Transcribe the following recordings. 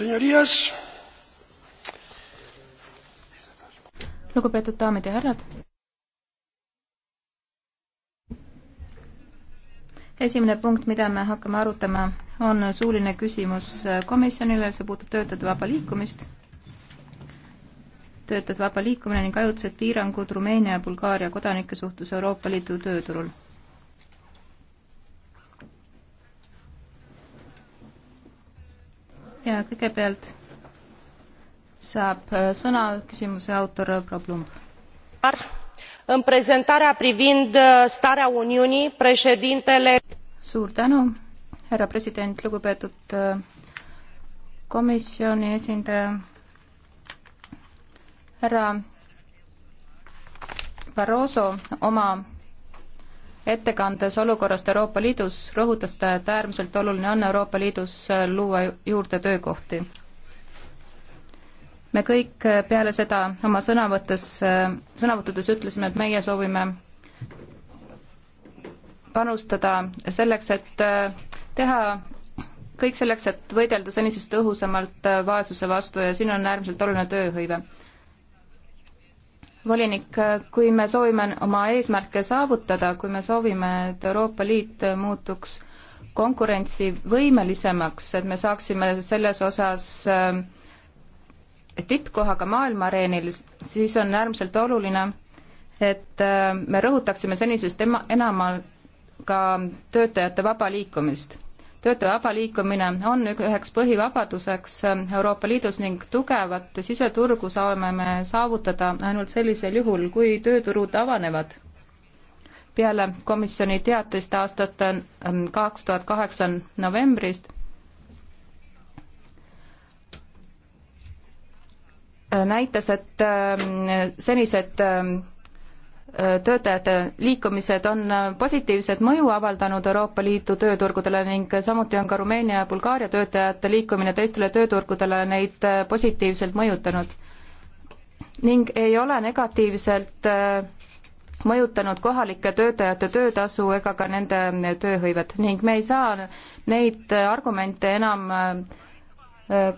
señorías lugupeetud daamid ja härrad esimene punkt mida me hakkame arutama on suuline küsimus komisjonile see puudutab töötajate vaba liikumist töötajate vaba liikumine ning ajutised piirangud Rumeenia ja Bulgaaria kodanike suhtes Euroopa Liidu tööturul kõigepealt saab äh, sõna küsimuse autor proua Plumb. în prezentarea privind äh, starea Uniunii, președintele suur tänu, härra president, lugupeetud äh, komisjoni esindaja, härra Barroso oma ettekandes olukorrast Euroopa Liidus rõhutas ta, et äärmiselt oluline on Euroopa Liidus äh, luua juurde töökohti. me kõik äh, peale seda oma sõnavõttes, äh, sõnavõttudes ütlesime, et meie soovime panustada selleks, et teha kõik selleks, et võidelda senisest tõhusamalt vaesuse vastu ja siin on äärmiselt oluline tööhõive volinik, kui me soovime oma eesmärke saavutada, kui me soovime, et Euroopa Liit muutuks konkurentsivõimelisemaks, et me saaksime selles osas äh, tippkohaga maailma areenil, siis on äärmiselt oluline, et äh, me rõhutaksime senisest enamalt ka töötajate vaba liikumist töötaja vaba liikumine on üheks põhivabaduseks äh, Euroopa Liidus ning tugevat siseturgu saame me saavutada ainult sellisel juhul, kui tööturud avanevad. peale komisjoni teatest aastat äh, kaks tuhat kaheksa novembrist äh, näitas, et senised töötajate liikumised on positiivset mõju avaldanud Euroopa Liidu tööturgudele ning samuti on ka Rumeenia ja Bulgaaria töötajate liikumine teistele tööturgudele neid positiivselt mõjutanud. ning ei ole negatiivselt äh, mõjutanud kohalike töötajate töötasu ega ka nende tööhõivet ning me ei saa neid argumente enam äh,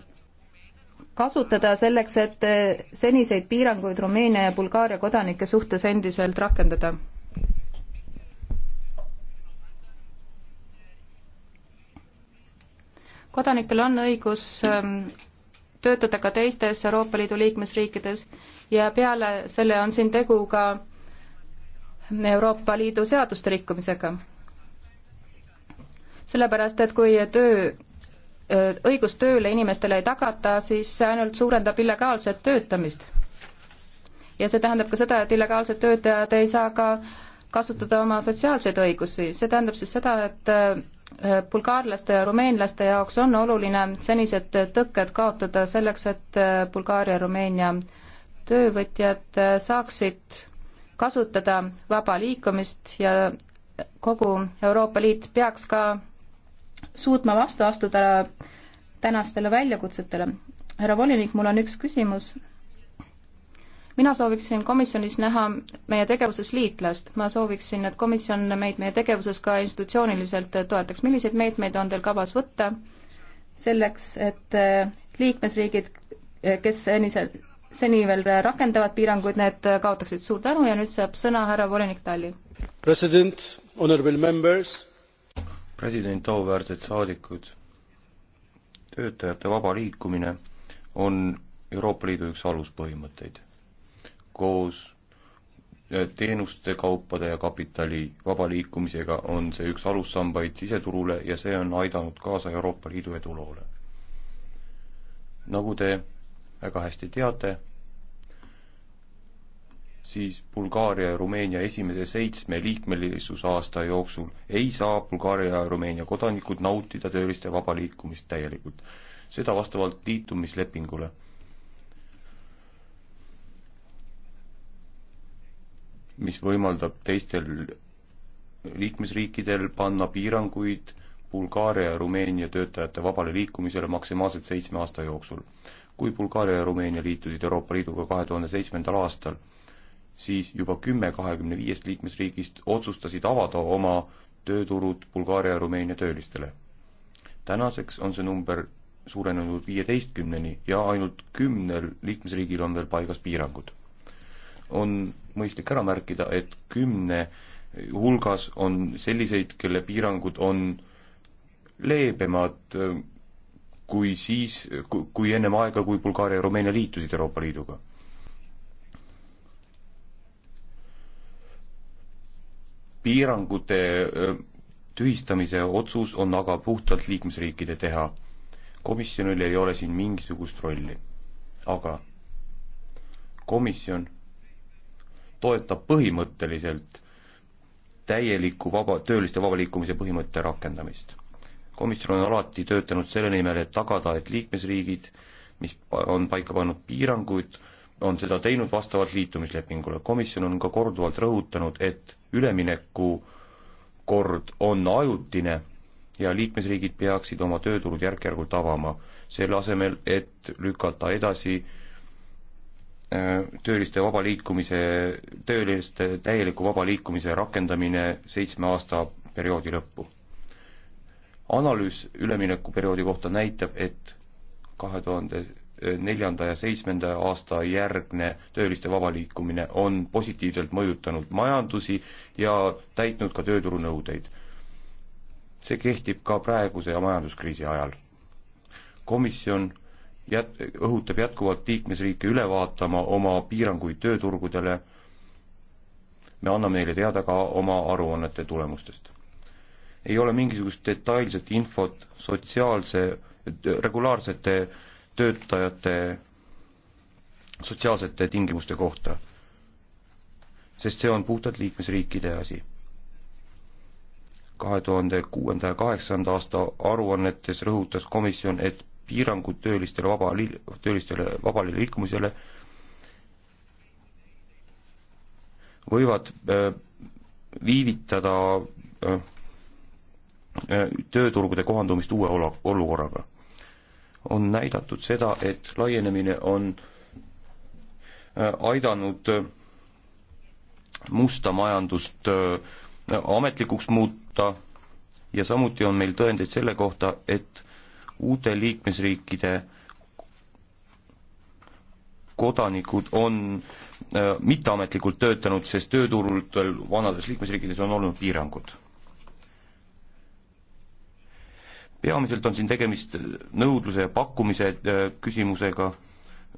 kasutada selleks, et eh, seniseid piiranguid Rumeenia ja Bulgaaria kodanike suhtes endiselt rakendada? kodanikel on õigus ehm, töötada ka teistes Euroopa Liidu liikmesriikides ja peale selle on siin tegu ka Euroopa Liidu seaduste rikkumisega. sellepärast, et kui töö Äh, õigust tööle inimestele ei tagata, siis see ainult suurendab illegaalset töötamist. ja see tähendab ka seda, et illegaalsed töötajad ei saa ka kasutada oma sotsiaalseid õigusi, see tähendab siis seda, et äh, bulgaarlaste ja rumeenlaste jaoks on oluline senised tõkked kaotada selleks, et äh, Bulgaaria ja Rumeenia töövõtjad saaksid kasutada vaba liikumist ja kogu Euroopa Liit peaks ka suutma vastu astuda tänastele väljakutsetele. härra volinik, mul on üks küsimus. mina sooviksin komisjonis näha meie tegevuses liitlast. ma sooviksin, et komisjon meid meie tegevuses ka institutsiooniliselt toetaks. milliseid meetmeid on teil kavas võtta selleks, et eh, liikmesriigid, eh, kes endiselt seni veel rakendavad piiranguid, need kaotaksid. suur tänu ja nüüd saab sõna härra volinik Talli. president, honorable members president, auväärsed saadikud, töötajate vaba liikumine on Euroopa Liidu üks aluspõhimõtteid. koos eh, teenuste, kaupade ja kapitali vaba liikumisega on see üks alussambaid siseturule ja see on aidanud kaasa Euroopa Liidu eduloole. nagu te väga hästi teate, siis Bulgaaria ja Rumeenia esimese seitsme liikmelisusaasta jooksul ei saa Bulgaaria ja Rumeenia kodanikud nautida tööliste vaba liikumist täielikult. seda vastavalt liitumislepingule. mis võimaldab teistel liikmesriikidel panna piiranguid Bulgaaria ja Rumeenia töötajate vabale liikumisele maksimaalselt seitsme aasta jooksul. kui Bulgaaria ja Rumeenia liitusid Euroopa Liiduga kahe tuhande seitsmendal aastal, siis juba kümme kahekümne viiest liikmesriigist otsustasid avada oma tööturud Bulgaaria ja Rumeenia töölistele. tänaseks on see number suurenenud viieteistkümneni ja ainult kümnel liikmesriigil on veel paigas piirangud. on mõistlik ära märkida, et kümne hulgas on selliseid, kelle piirangud on leebemad äh, kui siis, kui ennem aega, kui Bulgaaria ja Rumeenia liitusid Euroopa Liiduga piirangute tühistamise otsus on aga puhtalt liikmesriikide teha. komisjonil ei ole siin mingisugust rolli. aga komisjon toetab põhimõtteliselt täieliku vaba, tööliste vaba liikumise põhimõtte rakendamist. komisjon on alati töötanud selle nimel, et tagada, et liikmesriigid, mis on paika pannud piiranguid, on seda teinud vastavalt liitumislepingule. komisjon on ka korduvalt rõhutanud, et üleminekukord on ajutine ja liikmesriigid peaksid oma tööturud järk-järgult avama, selle asemel, et lükata edasi äh, tööliste vaba liikumise, tööliste täieliku vaba liikumise rakendamine seitsme aasta perioodi lõppu. analüüs üleminekuperioodi kohta näitab, et kahe tuhande neljanda ja seitsmenda aasta järgne tööliste vaba liikumine on positiivselt mõjutanud majandusi ja täitnud ka tööturunõudeid. see kehtib ka praeguse majanduskriisi ajal. komisjon jät-, õhutab jätkuvalt liikmesriike üle vaatama oma piiranguid tööturgudele, me anname neile teada ka oma aruannete tulemustest. ei ole mingisugust detailset infot sotsiaalse, regulaarsete töötajate sotsiaalsete tingimuste kohta, sest see on puhtalt liikmesriikide asi. kahe tuhande kuuenda ja kaheksanda aasta aruannetes rõhutas komisjon, et piirangud töölistele vaba, töölistele vabale liikumisele võivad äh, viivitada äh, äh, tööturgude kohandumist uue olukorraga on näidatud seda, et laienemine on äh, aidanud äh, musta majandust äh, ametlikuks muuta ja samuti on meil tõendeid selle kohta, et uute liikmesriikide kodanikud on mitteametlikult töötanud, sest tööturul vanades liikmesriikides on olnud piirangud peamiselt on siin tegemist nõudluse ja pakkumise äh, küsimusega,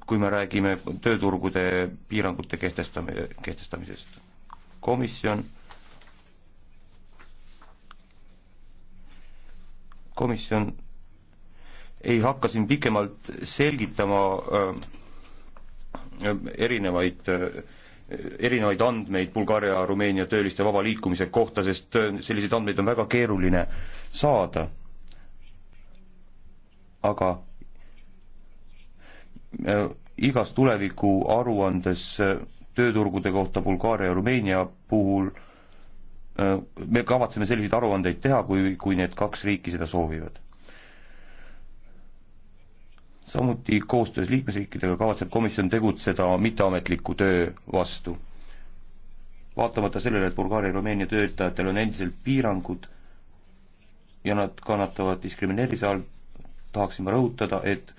kui me räägime tööturgude piirangute kehtestam-, kehtestamisest. komisjon komisjon ei hakka siin pikemalt selgitama äh, erinevaid äh, erinevaid andmeid Bulgaaria-Rumeenia tööliste vaba liikumise kohta, sest äh, selliseid andmeid on väga keeruline saada aga äh, igas tuleviku aruandes äh, tööturgude kohta Bulgaaria ja Rumeenia puhul äh, me kavatseme selliseid aruandeid teha, kui, kui need kaks riiki seda soovivad. samuti koostöös liikmesriikidega kavatseb komisjon tegutseda mitteametliku töö vastu. vaatamata sellele, et Bulgaaria ja Rumeenia töötajatel on endiselt piirangud ja nad kannatavad diskrimineerimise all, tahaksin ma rõhutada, et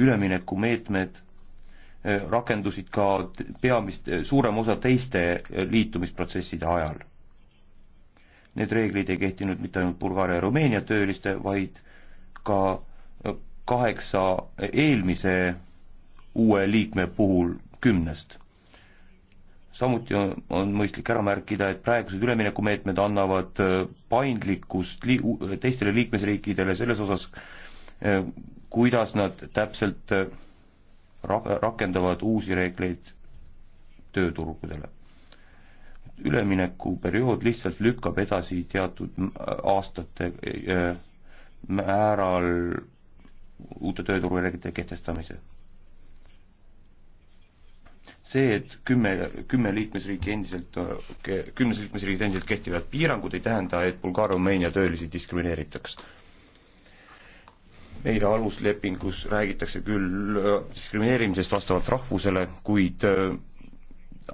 üleminekumeetmed eh, rakendusid ka peamist, suurem osa teiste liitumisprotsesside ajal. Need reeglid ei kehtinud mitte ainult Bulgaaria ja Rumeenia tööliste, vaid ka eh, kaheksa eelmise uue liikme puhul kümnest. samuti on, on mõistlik ära märkida, et praegused üleminekumeetmed annavad eh, paindlikkust li-, teistele liikmesriikidele selles osas, Eh, kuidas nad täpselt eh, ra-, rakendavad uusi reegleid tööturgudele. üleminekuperiood lihtsalt lükkab edasi teatud aastate eh, määral uute tööturureeglite kehtestamise. see, et kümme, kümme liikmesriiki endiselt, kümnes liikmesriigid endiselt kehtivad piirangud, ei tähenda, et Bulgaaria-Rumeenia töölisi diskrimineeritakse meile aluslepingus räägitakse küll äh, diskrimineerimisest vastavalt rahvusele, kuid äh,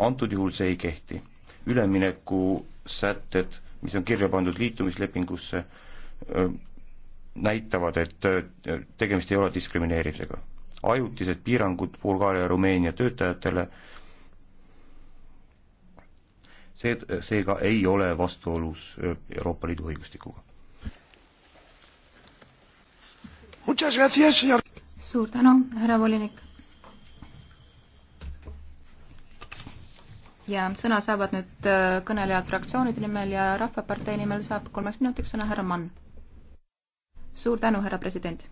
antud juhul see ei kehti. üleminekusätted, mis on kirja pandud liitumislepingusse, äh, näitavad, et tegemist ei ole diskrimineerimisega. ajutised piirangud Bulgaaria ja Rumeenia töötajatele see, seega ei ole vastuolus Euroopa Liidu õigustikuga. suur tänu, härra volinik. ja sõna saavad nüüd äh, kõnelejad fraktsioonide nimel ja Rahvapartei nimel saab kolmeks minutiks sõna härra Mann. suur tänu, härra president.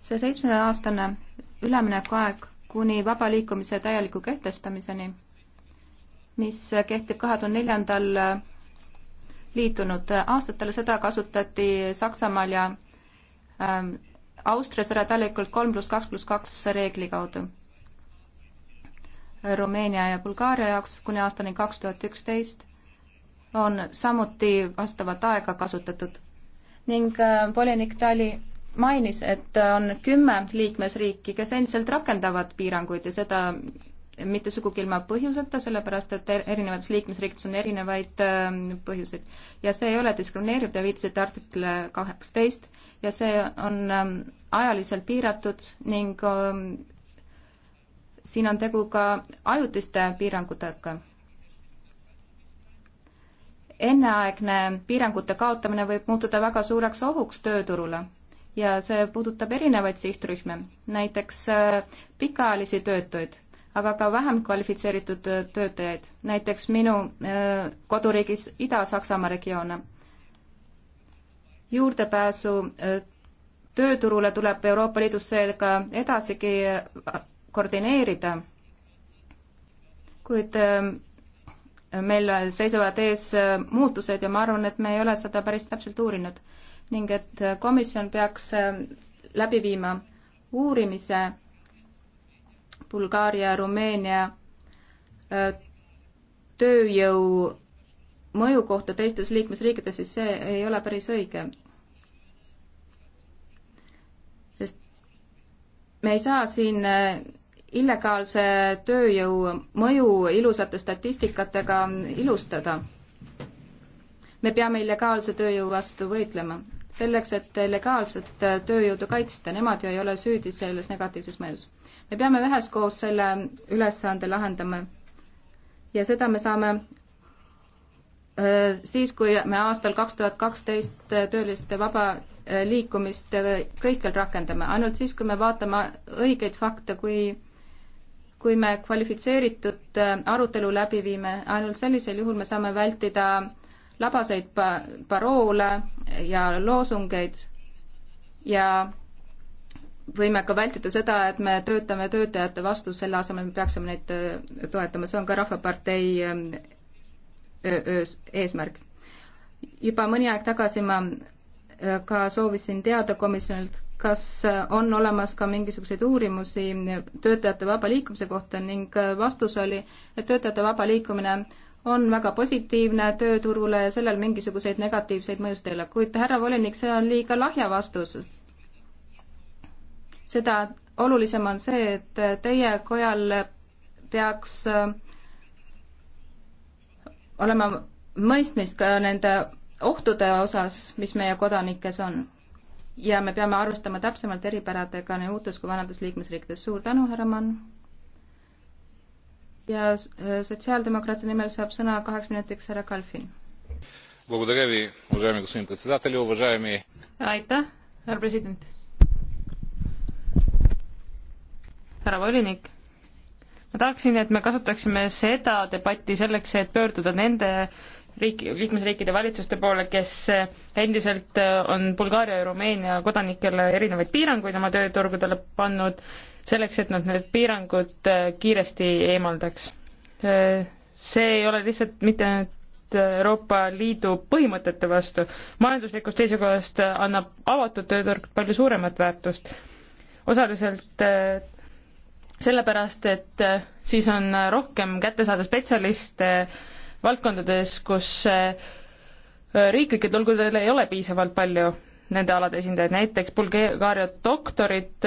see seitsmeaastane üleminekuaeg kuni vaba liikumise täieliku kehtestamiseni, mis kehtib kahe tuhande neljandal äh, liitunud aastatel, seda kasutati Saksamaal ja ähm, Austrias ära täielikult kolm pluss kaks pluss kaks reegli kaudu. Rumeenia ja Bulgaaria jaoks kuni aastani kaks tuhat üksteist on samuti vastavat aega kasutatud ning äh, volinik Tali mainis, et on kümme liikmesriiki, kes endiselt rakendavad piiranguid ja seda mitte sugugi ilma põhjuseta, sellepärast et er-, erinevates liikmesriikides on erinevaid ähm, põhjuseid. ja see ei ole diskrimineeriv, te viitasite artikli kaheksateist ja see on ähm, ajaliselt piiratud ning ähm, siin on tegu ka ajutiste piirangutega. enneaegne piirangute kaotamine võib muutuda väga suureks ohuks tööturule ja see puudutab erinevaid sihtrühmi, näiteks äh, pikaajalisi töötuid aga ka vähem kvalifitseeritud äh, töötajaid, näiteks minu äh, koduriigis Ida-Saksamaa regioone. juurdepääsu äh, tööturule tuleb Euroopa Liidus seega edasigi koordineerida, kuid meil seisavad ees muutused ja ma arvan, et me ei ole seda päris täpselt uurinud ning et komisjon peaks läbi viima uurimise Bulgaaria, Rumeenia tööjõu mõju kohta teistes liikmesriikides, siis see ei ole päris õige. sest me ei saa siin illegaalse tööjõu mõju ilusate statistikatega ilustada. me peame illegaalse tööjõu vastu võitlema, selleks et legaalset tööjõudu kaitsta, nemad ju ei ole süüdi selles negatiivses mõjus me peame üheskoos selle ülesande lahendama. ja seda me saame äh, siis, kui me aastal kaks tuhat kaksteist äh, tööliste vaba äh, liikumist kõikjal rakendame, ainult siis, kui me vaatame õigeid fakte, kui kui me kvalifitseeritud arutelu läbi viime, ainult sellisel juhul me saame vältida labaseid paroole ja loosungeid ja võime ka vältida seda, et me töötame töötajate vastu, selle asemel me peaksime neid äh, toetama, see on ka Rahvapartei ähm, eesmärk. juba mõni aeg tagasi ma äh, ka soovisin teada komisjonilt, kas äh, on olemas ka mingisuguseid uurimusi töötajate vaba liikumise kohta ning vastus oli, et töötajate vaba liikumine on väga positiivne tööturule ja sellel mingisuguseid negatiivseid mõjusid ei ole, kuid härra volinik, see on liiga lahja vastus seda olulisem on see, et teie kojal peaks äh, olema mõistmist ka nende ohtude osas, mis meie kodanikes on. ja me peame arvestama täpsemalt eripäradega nii uutes kui vanades liikmesriikides. suur tänu, härra Mann! ja äh, sotsiaaldemokraatide nimel saab sõna kaheks minutiks härra Kalfin. aitäh, härra president! härra volinik. ma tahaksin, et me kasutaksime seda debatti selleks, et pöörduda nende riik, liikmesriikide valitsuste poole, kes endiselt äh, on Bulgaaria ja Rumeenia kodanikele erinevaid piiranguid oma tööturgudele pannud, selleks, et nad need piirangud äh, kiiresti eemaldaks. Äh, see ei ole lihtsalt mitte ainult Euroopa Liidu põhimõtete vastu, majanduslikust seisukohast annab avatud tööturg palju suuremat väärtust. osaliselt sellepärast, et äh, siis on rohkem kätte saada spetsialiste äh, valdkondades, kus äh, riiklikel tulgudel ei ole piisavalt palju nende alade esindajaid, näiteks Bulgaaria doktorid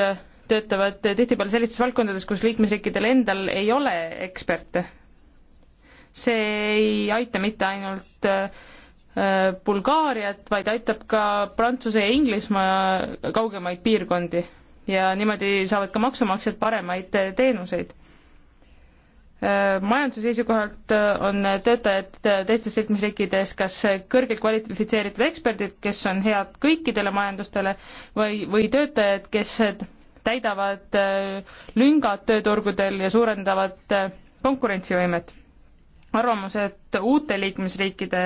töötavad tihtipeale sellistes valdkondades, kus liikmesriikidel endal ei ole eksperte. see ei aita mitte ainult Bulgaariat, vaid aitab ka Prantsuse ja Inglismaa kaugemaid piirkondi ja niimoodi saavad ka maksumaksjad paremaid äh, teenuseid. Äh, majanduse seisukohalt äh, on töötajad teistes liikmesriikides kas kõrgelt kvalifitseeritud eksperdid, kes on head kõikidele majandustele, või, või töötajad, kes täidavad lüngad tööturgudel ja suurendavad konkurentsivõimet arvamus, et uute liikmesriikide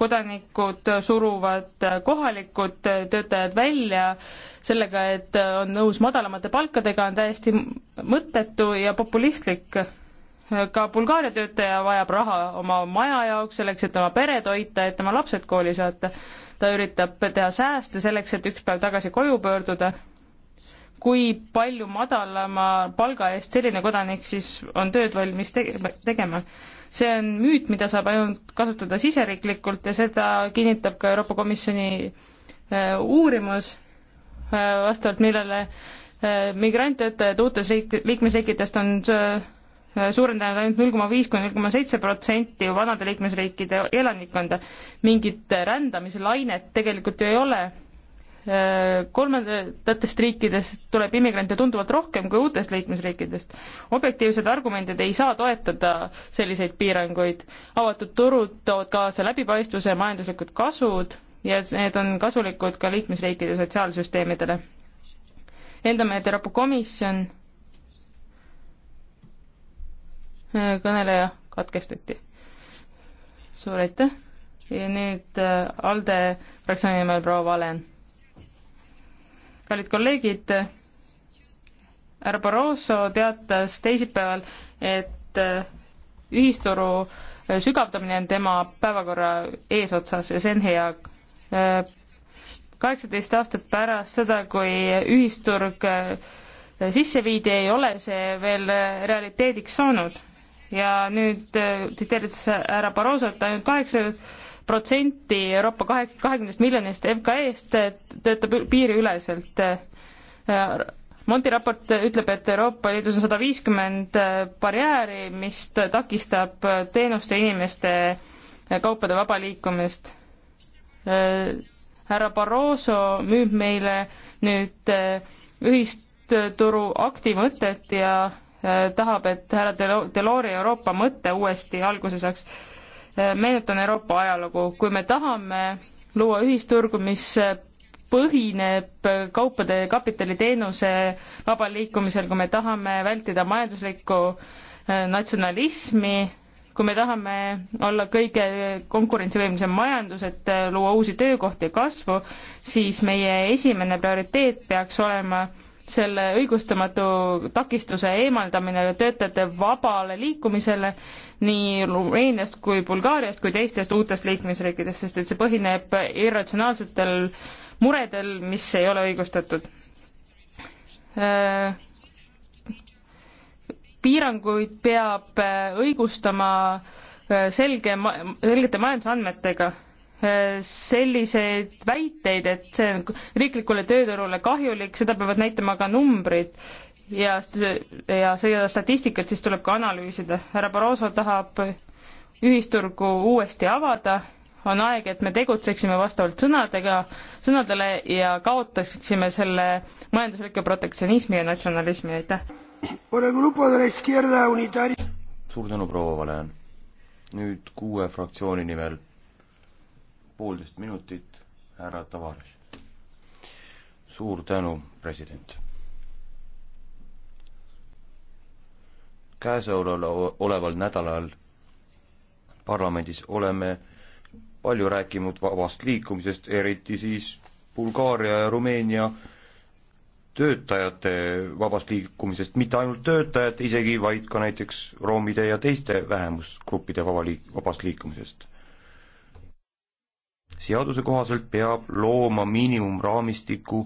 kodanikud suruvad kohalikud töötajad välja sellega, et on nõus madalamate palkadega, on täiesti mõttetu ja populistlik. ka Bulgaaria töötaja vajab raha oma maja jaoks, selleks, et oma pere toita, et oma lapsed kooli saata. ta üritab teha sääste selleks, et üks päev tagasi koju pöörduda. kui palju madalama palga eest selline kodanik siis on tööd valmis tegema? see on müüt, mida saab ainult kasutada siseriiklikult ja seda kinnitab ka Euroopa Komisjoni äh, uurimus, äh, vastavalt millele äh, migranttöötajad uutes riik, liikmesriikidest on suurendanud ainult null koma viis kuni null koma seitse protsenti vanade liikmesriikide elanikkonda. mingit rändamislainet tegelikult ju ei ole kolmandatest riikidest tuleb immigrante tunduvalt rohkem kui uutest liikmesriikidest. objektiivsed argumendid ei saa toetada selliseid piiranguid. avatud turud toovad kaasa läbipaistvuse ja majanduslikud kasud ja need on kasulikud ka liikmesriikide sotsiaalsüsteemidele. eeldame, et Euroopa Komisjon äh, kõneleja katkestati. suur aitäh ja nüüd äh, ALDE fraktsiooni nimel proua Valen kallid kolleegid, härra Barroso teatas teisipäeval, et äh, ühisturu äh, sügavdamine on tema päevakorra eesotsas ja see on hea. Äh, kaheksateist aastat pärast seda, kui ühisturg sisse viidi, ei ole see veel realiteediks saanud. ja nüüd tsiteerides härra Barrosot, ainult kaheksa protsenti Euroopa kahe, kahekümnest miljonist MKE-st eh, töötab piiriüleselt. Eh, Monti raport ütleb, et Euroopa Liidus on sada viiskümmend eh, barjääri, mis takistab teenuste inimeste kaupade vaba liikumist. härra Barroso müüb meile nüüd ühisturu akti mõtet ja tahab, et härra Delori Euroopa mõte uuesti alguse saaks meenutan Euroopa ajalugu, kui me tahame luua ühisturgu, mis põhineb kaupade ja kapitaliteenuse vabal liikumisel, kui me tahame vältida majanduslikku äh, natsionalismi, kui me tahame olla kõige konkurentsivõimelisem majandus, et äh, luua uusi töökohti ja kasvu, siis meie esimene prioriteet peaks olema äh, selle õigustamatu takistuse eemaldamine töötajate vabale liikumisele nii Rumeeniast kui Bulgaariast kui teistest uutest liikmesriikidest, sest et see põhineb irratsionaalsetel muredel, mis ei ole õigustatud. piiranguid peab õigustama selge, selgete majandusandmetega Äh, selliseid väiteid, et see on riiklikule tööturule kahjulik, seda peavad näitama ka numbrid ja, ja seda statistikat siis tuleb ka analüüsida. härra Barroso tahab ühisturgu uuesti avada, on aeg, et me tegutseksime vastavalt sõnadega, sõnadele ja kaotaksime selle majandusliku protektsionismi ja natsionalismi, aitäh! suur tänu, proua Valen! nüüd kuue fraktsiooni nimel poolteist minutit, härra Tavares. suur tänu, president. käesoleval nädalal parlamendis oleme palju rääkinud vabast liikumisest, eriti siis Bulgaaria ja Rumeenia töötajate vabast liikumisest, mitte ainult töötajate isegi, vaid ka näiteks roomide ja teiste vähemusgruppide vaba liik-, vabast liikumisest seaduse kohaselt peab looma miinimumraamistiku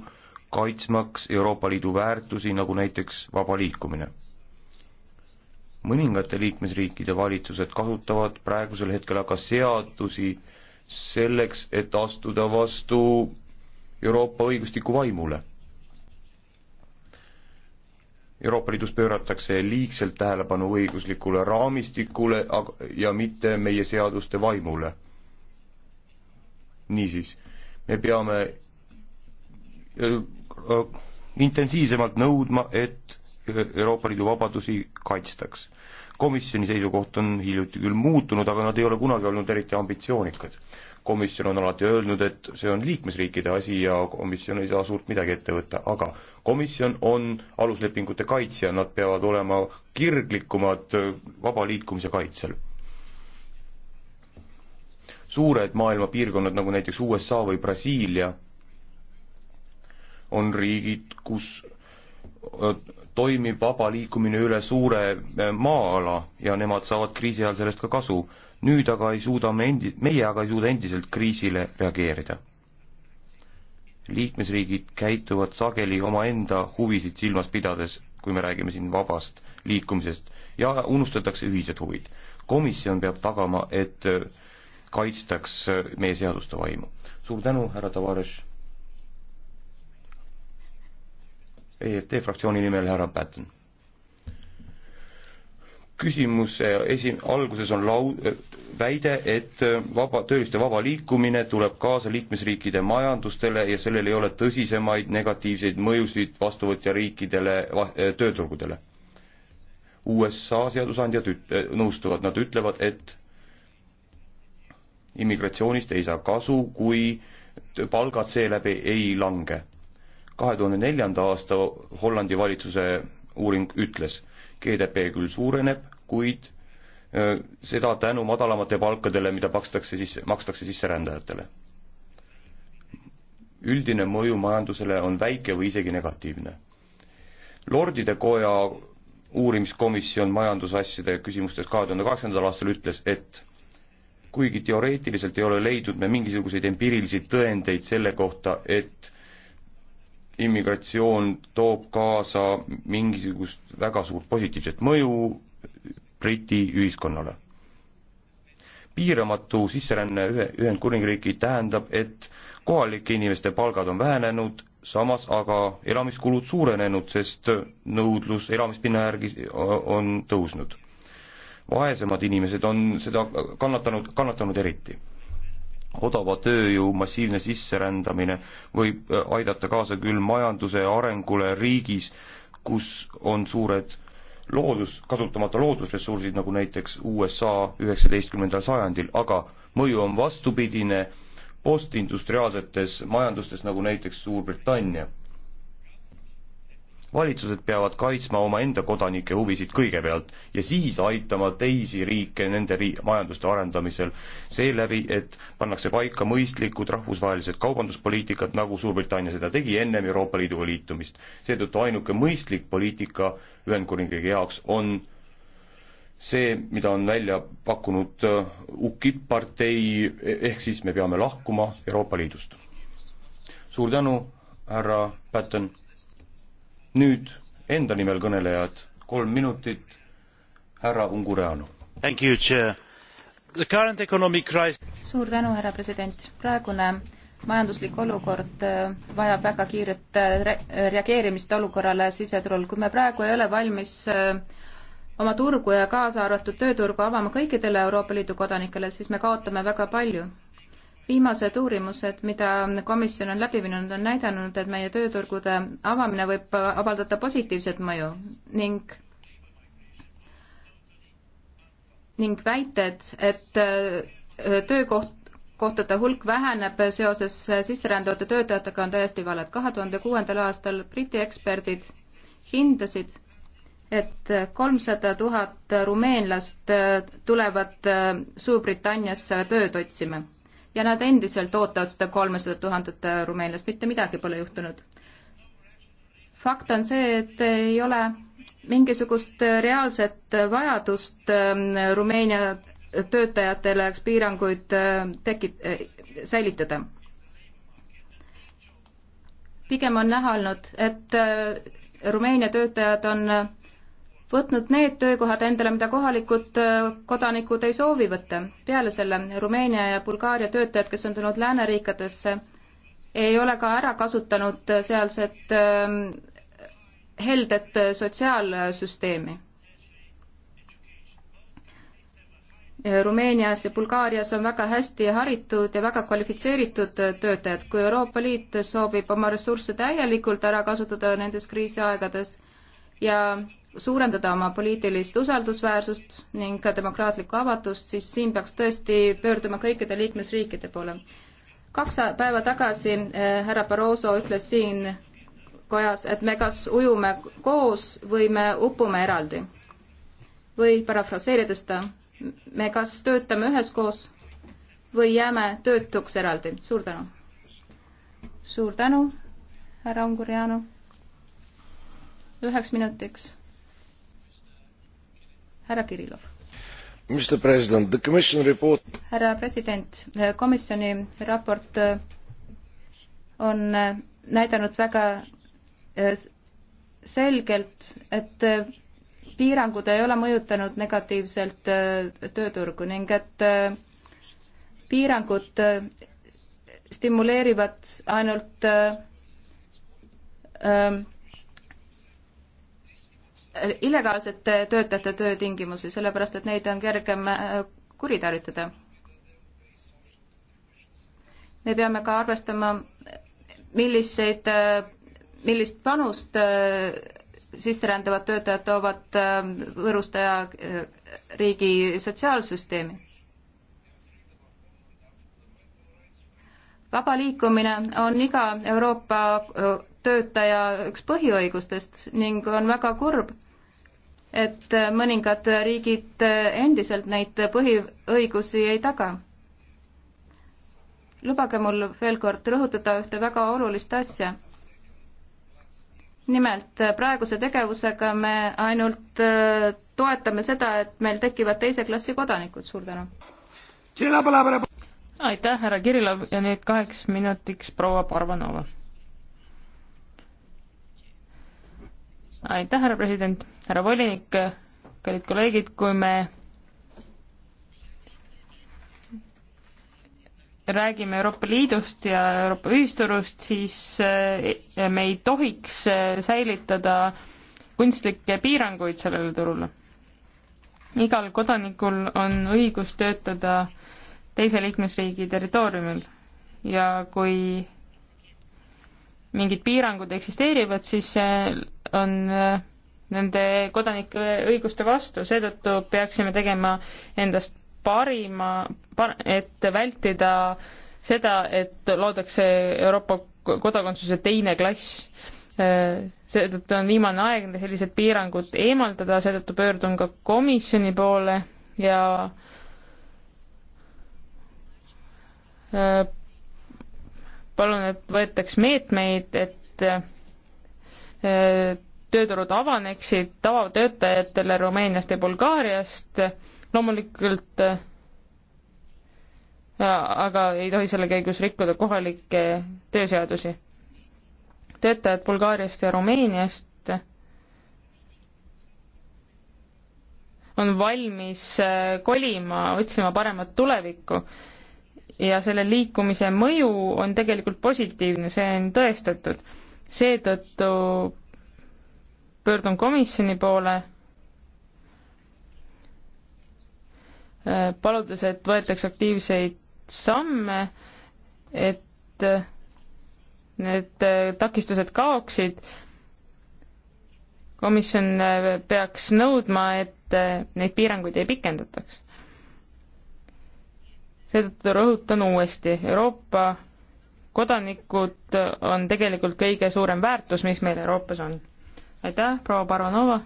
kaitsmaks Euroopa Liidu väärtusi, nagu näiteks vaba liikumine. mõningate liikmesriikide valitsused kasutavad praegusel hetkel aga seadusi selleks, et astuda vastu Euroopa õigustiku vaimule. Euroopa Liidus pööratakse liigselt tähelepanu õiguslikule raamistikule ja mitte meie seaduste vaimule niisiis, me peame intensiivsemalt nõudma, et Euroopa Liidu vabadusi kaitstaks. komisjoni seisukoht on hiljuti küll muutunud, aga nad ei ole kunagi olnud eriti ambitsioonikad. komisjon on alati öelnud, et see on liikmesriikide asi ja komisjon ei saa suurt midagi ette võtta, aga komisjon on aluslepingute kaitsja, nad peavad olema kirglikumad vaba liikumise kaitsel suured maailma piirkonnad, nagu näiteks USA või Brasiilia, on riigid, kus toimib vaba liikumine üle suure maa-ala ja nemad saavad kriisi ajal sellest ka kasu. nüüd aga ei suuda me endi-, meie aga ei suuda endiselt kriisile reageerida. liikmesriigid käituvad sageli omaenda huvisid silmas pidades, kui me räägime siin vabast liikumisest, ja unustatakse ühised huvid. komisjon peab tagama, et kaitstaks meie seaduste vaimu. suur tänu, härra Tavares. EFT fraktsiooni nimel härra Patten. küsimuse esi-, alguses on lau-, väide, et vaba, tööliste vaba liikumine tuleb kaasa liikmesriikide majandustele ja sellel ei ole tõsisemaid negatiivseid mõjusid vastuvõtja riikidele va-, tööturgudele USA seadusandjad üt-, nõustuvad, nad ütlevad, et immigratsioonist ei saa kasu, kui palgad seeläbi ei lange. kahe tuhande neljanda aasta Hollandi valitsuse uuring ütles, GDP küll suureneb, kuid seda tänu madalamate palkadele, mida makstakse sisse, makstakse sisserändajatele. üldine mõju majandusele on väike või isegi negatiivne. lordide koja uurimiskomisjon majandusasjade küsimustes kahe tuhande kaheksandal aastal ütles, et kuigi teoreetiliselt ei ole leidnud me mingisuguseid empiirilisi tõendeid selle kohta, et immigratsioon toob kaasa mingisugust väga suurt positiivset mõju Briti ühiskonnale. piiramatu sisseränne ühe, Ühendkuningriiki tähendab, et kohalike inimeste palgad on vähenenud, samas aga elamiskulud suurenenud, sest nõudlus elamispinna järgi on tõusnud vaesemad inimesed on seda kannatanud, kannatanud eriti. odava tööjõu massiivne sisserändamine võib äh, aidata kaasa küll majanduse arengule riigis, kus on suured loodus, kasutamata loodusressursid, nagu näiteks USA üheksateistkümnendal sajandil, aga mõju on vastupidine postindustriaalsetes majandustes, nagu näiteks Suurbritannia valitsused peavad kaitsma omaenda kodanike huvisid kõigepealt ja siis aitama teisi riike nende ri-, majanduste arendamisel seeläbi, et pannakse paika mõistlikud rahvusvahelised kaubanduspoliitikad, nagu Suurbritannia seda tegi ennem Euroopa Liiduga liitumist. seetõttu ainuke mõistlik poliitika Ühendkuningriigi jaoks on see, mida on välja pakkunud äh, UKIP partei, e-, ehk siis me peame lahkuma Euroopa Liidust. suur tänu, härra Patten nüüd enda nimel kõnelejad, kolm minutit, härra Ungureanu. suur tänu, härra president, praegune majanduslik olukord äh, vajab väga kiiret äh, re reageerimist olukorrale siseturul, kui me praegu ei ole valmis äh, oma turgu ja kaasa arvatud tööturgu avama kõikidele Euroopa Liidu kodanikele, siis me kaotame väga palju viimased uurimused, mida komisjon on läbi viinud, on näidanud, et meie tööturgude avamine võib avaldada positiivset mõju ning ning väited, et äh, töökoht, kohtade hulk väheneb seoses sisserändavate töötajatega, on täiesti valed. kahe tuhande kuuendal aastal Briti eksperdid hindasid, et kolmsada tuhat rumeenlast äh, tulevad äh, Suurbritanniasse tööd otsima ja nad endiselt ootavad seda kolmesadat tuhandet rumeenlast, mitte midagi pole juhtunud. fakt on see, et ei ole mingisugust reaalset vajadust ähm, Rumeenia töötajatele piiranguid ähm, tekit-, äh, säilitada. pigem on näha olnud, et äh, Rumeenia töötajad on äh, võtnud need töökohad endale, mida kohalikud äh, kodanikud ei soovi võtta. peale selle Rumeenia ja Bulgaaria töötajad, kes on tulnud lääneriikadesse, ei ole ka ära kasutanud sealset äh, heldet sotsiaalsüsteemi. Rumeenias ja Bulgaarias on väga hästi haritud ja väga kvalifitseeritud töötajad. kui Euroopa Liit soovib oma ressursse täielikult ära kasutada nendes kriisiaegades ja suurendada oma poliitilist usaldusväärsust ning ka demokraatlikku avatust, siis siin peaks tõesti pöörduma kõikide liikmesriikide poole. kaks päeva tagasi eh, härra Barroso ütles siin kojas, et me kas ujume koos või me upume eraldi. või parafraseerides ta, me kas töötame üheskoos või jääme töötuks eraldi. suur tänu! suur tänu, härra Ungurjanu! üheks minutiks härra Kirillov. Mr President, the Commission report härra president, komisjoni raport äh, on äh, näidanud väga äh, selgelt, et piirangud ei ole mõjutanud negatiivselt tööturgu ning et piirangud stimuleerivad ainult illegaalsete töötajate töötingimusi, sellepärast et neid on kergem äh, kuritarvitada. me peame ka arvestama, milliseid, äh, millist panust äh, sisserändavad töötajad toovad võõrustaja riigi sotsiaalsüsteemi. vaba liikumine on iga Euroopa töötaja üks põhiõigustest ning on väga kurb, et mõningad riigid endiselt neid põhiõigusi ei taga. lubage mul veel kord rõhutada ühte väga olulist asja. nimelt praeguse tegevusega me ainult äh, toetame seda, et meil tekivad teise klassi kodanikud, suur tänu. aitäh, härra Kirillov ja nüüd kaheks minutiks proua Parvanova aitäh, härra president, härra volinik, kallid kolleegid, kui me räägime Euroopa Liidust ja Euroopa ühisturust, siis eh, me ei tohiks eh, säilitada kunstlikke piiranguid sellele turule. igal kodanikul on õigus töötada teise liikmesriigi territooriumil ja kui mingid piirangud eksisteerivad, siis see on äh, nende kodanike õiguste vastu, seetõttu peaksime tegema endast parima, et vältida seda, et loodakse Euroopa kodakondsuse teine klass. Äh, seetõttu on viimane aeg sellised piirangud eemaldada, seetõttu pöördun ka komisjoni poole ja äh, palun, et võetaks meetmeid, et tööturud avaneksid tavatöötajatele Rumeeniast ja Bulgaariast, loomulikult äh, aga ei tohi selle käigus rikkuda kohalikke tööseadusi. töötajad Bulgaariast ja Rumeeniast on valmis äh, kolima, otsima paremat tulevikku. ja selle liikumise mõju on tegelikult positiivne, see on tõestatud seetõttu pöördun komisjoni poole, äh, paludes, et võetaks aktiivseid samme, et äh, need äh, takistused kaoksid. komisjon peaks nõudma, et neid piiranguid ei pikendataks. seetõttu rõhutan uuesti, Euroopa kodanikud on tegelikult kõige suurem väärtus, mis meil Euroopas on. aitäh, proua Baronova!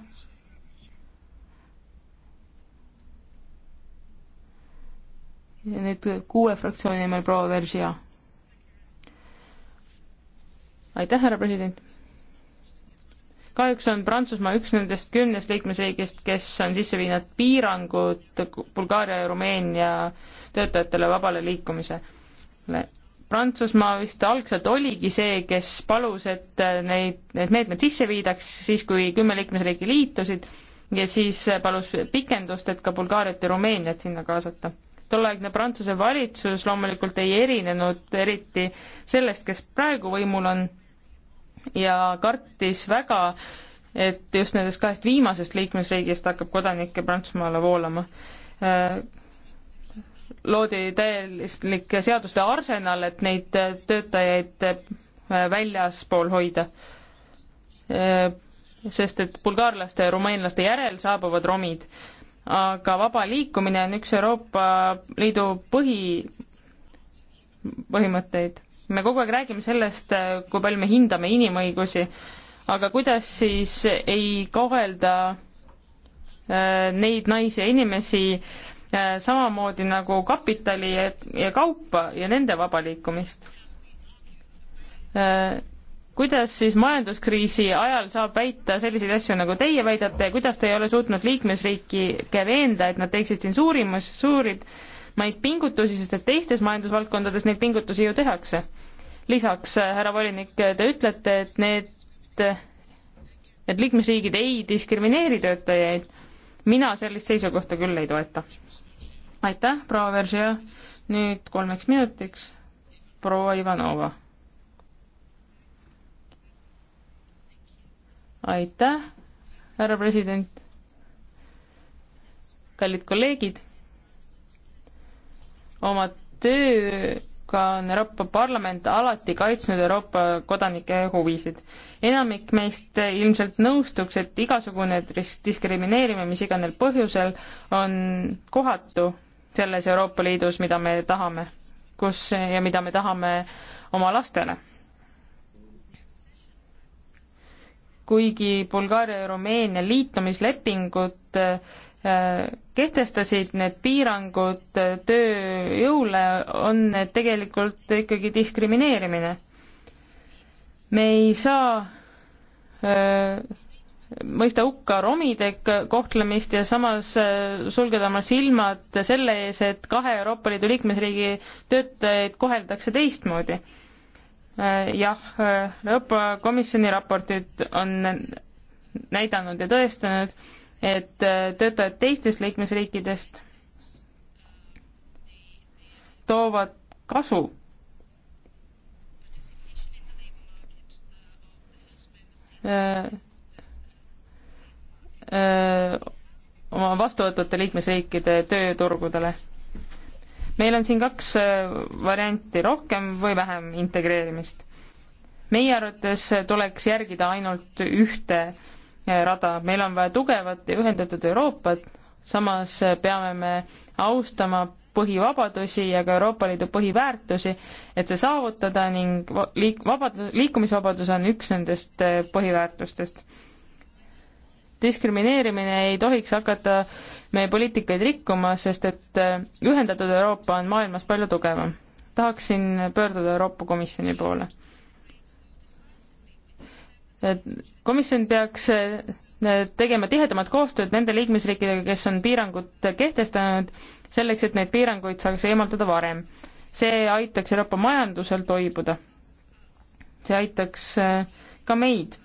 ja nüüd kuue fraktsiooni nimel proua Veržia. aitäh, härra president! kahjuks on Prantsusmaa üks nendest kümnest liikmesriigist, kes on sisse viinud piirangud Bulgaaria ja Rumeenia töötajatele vabale liikumisele Prantsusmaa vist algselt oligi see, kes palus, et äh, neid, need meetmed sisse viidaks siis, kui kümme liikmesriiki liitusid ja siis äh, palus pikendust, et ka Bulgaariat ja Rumeeniat sinna kaasata. tolleaegne Prantsuse valitsus loomulikult ei erinenud eriti sellest, kes praegu võimul on ja kartis väga, et just nendest kahest viimasest liikmesriigist hakkab kodanikke Prantsusmaale voolama äh, loodi täielik seaduste arsenal, et neid töötajaid äh, väljaspool hoida. Äh, sest et bulgaarlaste ja rumeenlaste järel saabuvad romid. aga vaba liikumine on üks Euroopa Liidu põhi, põhimõtteid. me kogu aeg räägime sellest, äh, kui palju me hindame inimõigusi, aga kuidas siis ei kohelda neid naisi ja inimesi Äh, samamoodi nagu kapitali ja kaupa ja nende vaba liikumist. Äh, kuidas siis majanduskriisi ajal saab väita selliseid asju, nagu teie väidate ja kuidas te ei ole suutnud liikmesriike veenda, et nad teeksid siin suurimas, suurimaid pingutusi, sest et teistes majandusvaldkondades neid pingutusi ju tehakse? lisaks, äh, härra volinik, te ütlete, et need, et liikmesriigid ei diskrimineeri töötajaid mina sellist seisukohta küll ei toeta aitäh, proua Veržia. nüüd kolmeks minutiks proua Ivanova. aitäh, härra president. kallid kolleegid. oma tööga on Euroopa Parlament alati kaitsnud Euroopa kodanike huvisid. enamik meist ilmselt nõustuks, et igasugune diskrimineerimine, mis iganes põhjusel, on kohatu selles Euroopa Liidus, mida me tahame, kus ja mida me tahame oma lastele. kuigi Bulgaaria ja Rumeenia liitumislepingud äh, kehtestasid need piirangud äh, tööjõule, on need tegelikult ikkagi diskrimineerimine. me ei saa äh, mõista hukka romide kohtlemist ja samas äh, sulgeda oma silmad selle ees, et kahe Euroopa Liidu liikmesriigi töötajaid koheldakse teistmoodi. Äh, jah, äh, Euroopa Komisjoni raportid on näidanud ja tõestanud, et töötajad teistest liikmesriikidest toovad kasu äh, oma vastuvõtvate liikmesriikide tööturgudele. meil on siin kaks varianti, rohkem või vähem integreerimist. meie arvates tuleks järgida ainult ühte rada, meil on vaja tugevat ja ühendatud Euroopat, samas peame me austama põhivabadusi ja ka Euroopa Liidu põhiväärtusi, et see saavutada ning liik-, vabad-, liikumisvabadus on üks nendest põhiväärtustest diskrimineerimine ei tohiks hakata meie poliitikaid rikkuma, sest et äh, ühendatud Euroopa on maailmas palju tugevam. tahaksin pöörduda Euroopa Komisjoni poole. et komisjon peaks äh, tegema tihedamat koostööd nende liikmesriikidega, kes on piirangud kehtestanud, selleks et neid piiranguid saaks eemaldada varem. see aitaks Euroopa majandusel toibuda. see aitaks äh, ka meid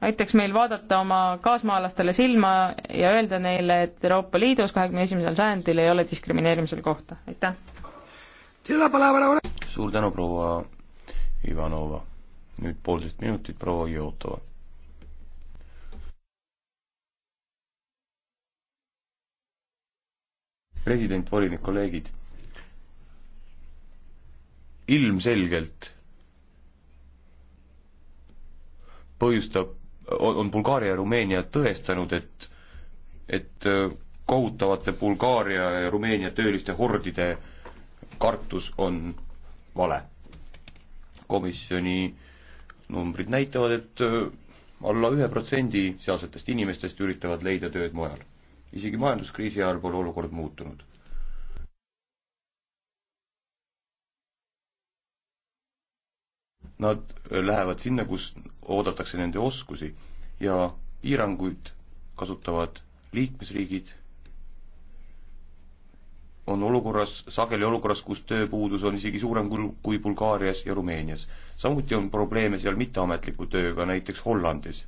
aitaks meil vaadata oma kaasmaalastele silma ja öelda neile, et Euroopa Liidus kahekümne esimesel sajandil ei ole diskrimineerimisel kohta, aitäh! suur tänu, proua Ivanova. nüüd poolteist minutit, proua Jõotova. president, volinik, kolleegid. ilmselgelt põhjustab, on Bulgaaria ja Rumeenia tõestanud, et, et äh, kohutavate Bulgaaria ja Rumeenia tööliste hordide kartus on vale. komisjoni numbrid näitavad, et äh, alla ühe protsendi sealsetest inimestest üritavad leida tööd mujal. isegi majanduskriisi ajal pole olukord muutunud. Nad äh, lähevad sinna, kus oodatakse nende oskusi ja piiranguid kasutavad liikmesriigid on olukorras, sageli olukorras, kus tööpuudus on isegi suurem kui Bulgaarias ja Rumeenias. samuti on probleeme seal mitteametliku tööga, näiteks Hollandis.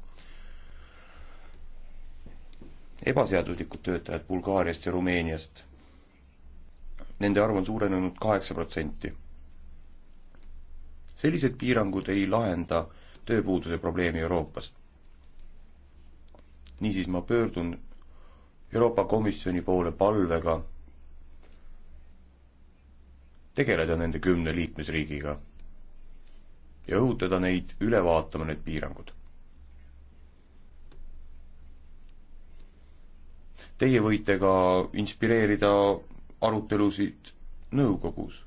ebaseaduslikud töötajad Bulgaariast ja Rumeeniast, nende arv on suurenenud kaheksa protsenti. sellised piirangud ei lahenda tööpuuduse probleemi Euroopas. niisiis ma pöördun Euroopa Komisjoni poole palvega tegeleda nende kümne liikmesriigiga ja õhutada neid üle vaatama need piirangud. Teie võite ka inspireerida arutelusid nõukogus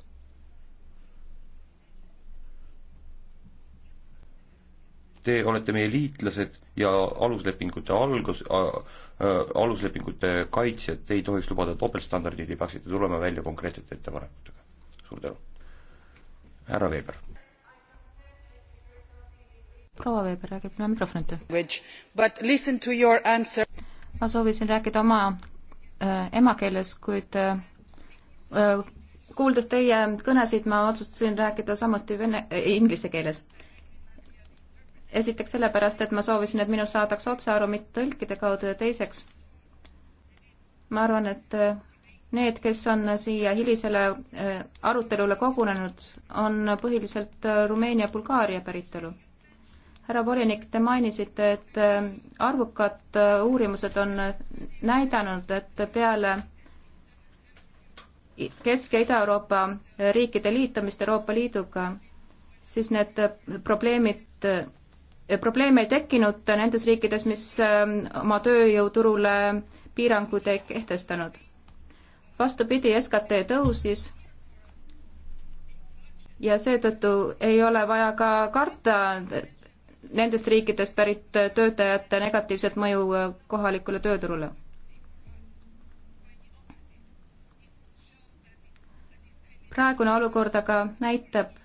Te olete meie liitlased ja aluslepingute algus äh,, aluslepingute kaitsjad, te ei tohiks lubada topeltstandardeid ja peaksite tulema välja konkreetsete ettepanekutega. suur tänu. härra Veber. proua Veber räägib üle mikrofoni. ma soovisin rääkida oma äh, emakeeles, kuid äh, kuuldes teie kõnesid, ma otsustasin rääkida samuti vene äh,, inglise keeles esiteks sellepärast, et ma soovisin, et minust saadaks otsearu, mitte tõlkide kaudu ja teiseks ma arvan, et äh, need, kes on siia hilisele äh, arutelule kogunenud, on põhiliselt äh, Rumeenia, Bulgaaria päritolu. härra volinik, te mainisite, et arvukad uurimused on näidanud, et peale Kesk- ja Ida-Euroopa riikide liitumist Euroopa Liiduga, siis need probleemid probleeme ei tekkinud nendes riikides, mis ähm, oma tööjõuturule piiranguid ei kehtestanud. vastupidi, SKT tõusis ja seetõttu ei ole vaja ka karta nendest riikidest pärit töötajate negatiivset mõju äh, kohalikule tööturule praegune olukord aga näitab,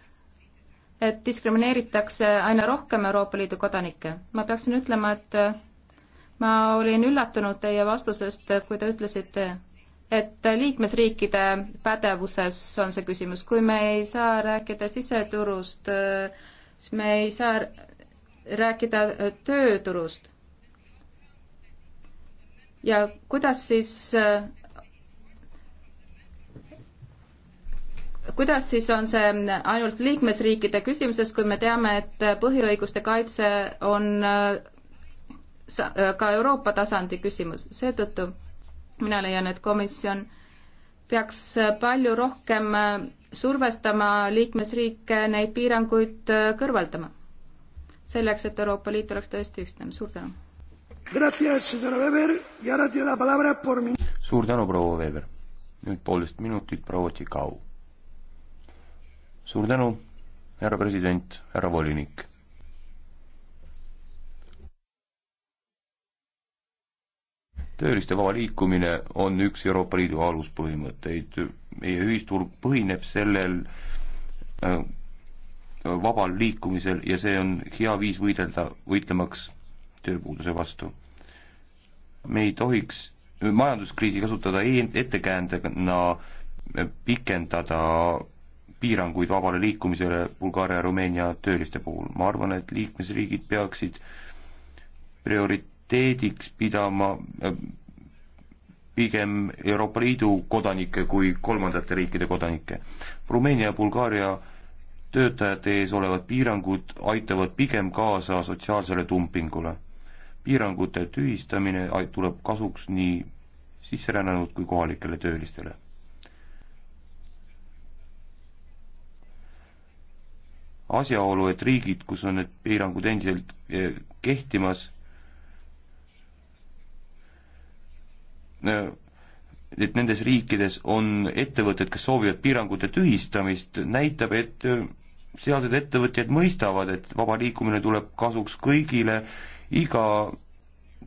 et diskrimineeritakse aina rohkem Euroopa Liidu kodanikke. ma peaksin ütlema, et ma olin üllatunud teie vastusest, kui te ütlesite, et liikmesriikide pädevuses on see küsimus, kui me ei saa rääkida siseturust, siis me ei saa rääkida tööturust. ja kuidas siis kuidas siis on see ainult liikmesriikide küsimuses, kui me teame, et põhiõiguste kaitse on äh, ka Euroopa tasandi küsimus, seetõttu mina leian, et komisjon peaks palju rohkem äh, survestama liikmesriike neid piiranguid äh, kõrvaldama. selleks, et Euroopa Liit oleks tõesti ühtne, suur tänu. suur tänu, proua Weber. nüüd poolteist minutit, proua Tsikau suur tänu, härra president, härra volinik. tööliste vaba liikumine on üks Euroopa Liidu aluspõhimõtteid, meie ühisturg põhineb sellel äh, vabal liikumisel ja see on hea viis võidelda, võitlemaks tööpuuduse vastu. me ei tohiks majanduskriisi kasutada ettekäändena äh, pikendada piiranguid vabale liikumisele Bulgaaria ja Rumeenia tööliste puhul. ma arvan, et liikmesriigid peaksid prioriteediks pidama äh, pigem Euroopa Liidu kodanikke kui kolmandate riikide kodanikke. Rumeenia ja Bulgaaria töötajate ees olevad piirangud aitavad pigem kaasa sotsiaalsele dumpingule. piirangute tühistamine tuleb kasuks nii sisserännanud kui kohalikele töölistele asjaolu, et riigid, kus on need piirangud endiselt eh, kehtimas, eh, et nendes riikides on ettevõtted, kes soovivad piirangute tühistamist, näitab, et eh, sealsed ettevõtjad mõistavad, et vaba liikumine tuleb kasuks kõigile, iga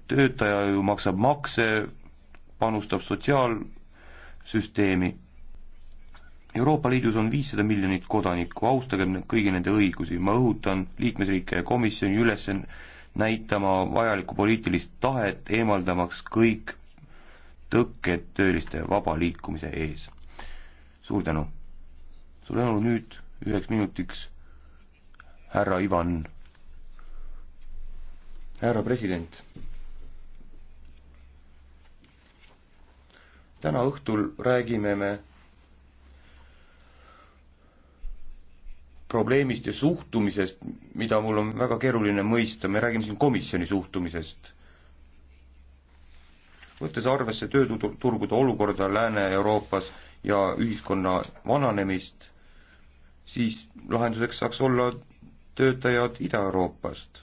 töötaja ju maksab makse, panustab sotsiaalsüsteemi Euroopa Liidus on viissada miljonit kodanikku, austagem kõigi nende õigusi, ma õhutan liikmesriike ja komisjoni üles näitama vajalikku poliitilist tahet, eemaldamaks kõik tõkked tööliste vaba liikumise ees. suur tänu! suur tänu, nüüd üheks minutiks härra Ivan. härra president. täna õhtul räägime me probleemist ja suhtumisest, mida mul on väga keeruline mõista, me räägime siin komisjoni suhtumisest. võttes arvesse tööturgude olukorda Lääne-Euroopas ja ühiskonna vananemist, siis lahenduseks saaks olla töötajad Ida-Euroopast,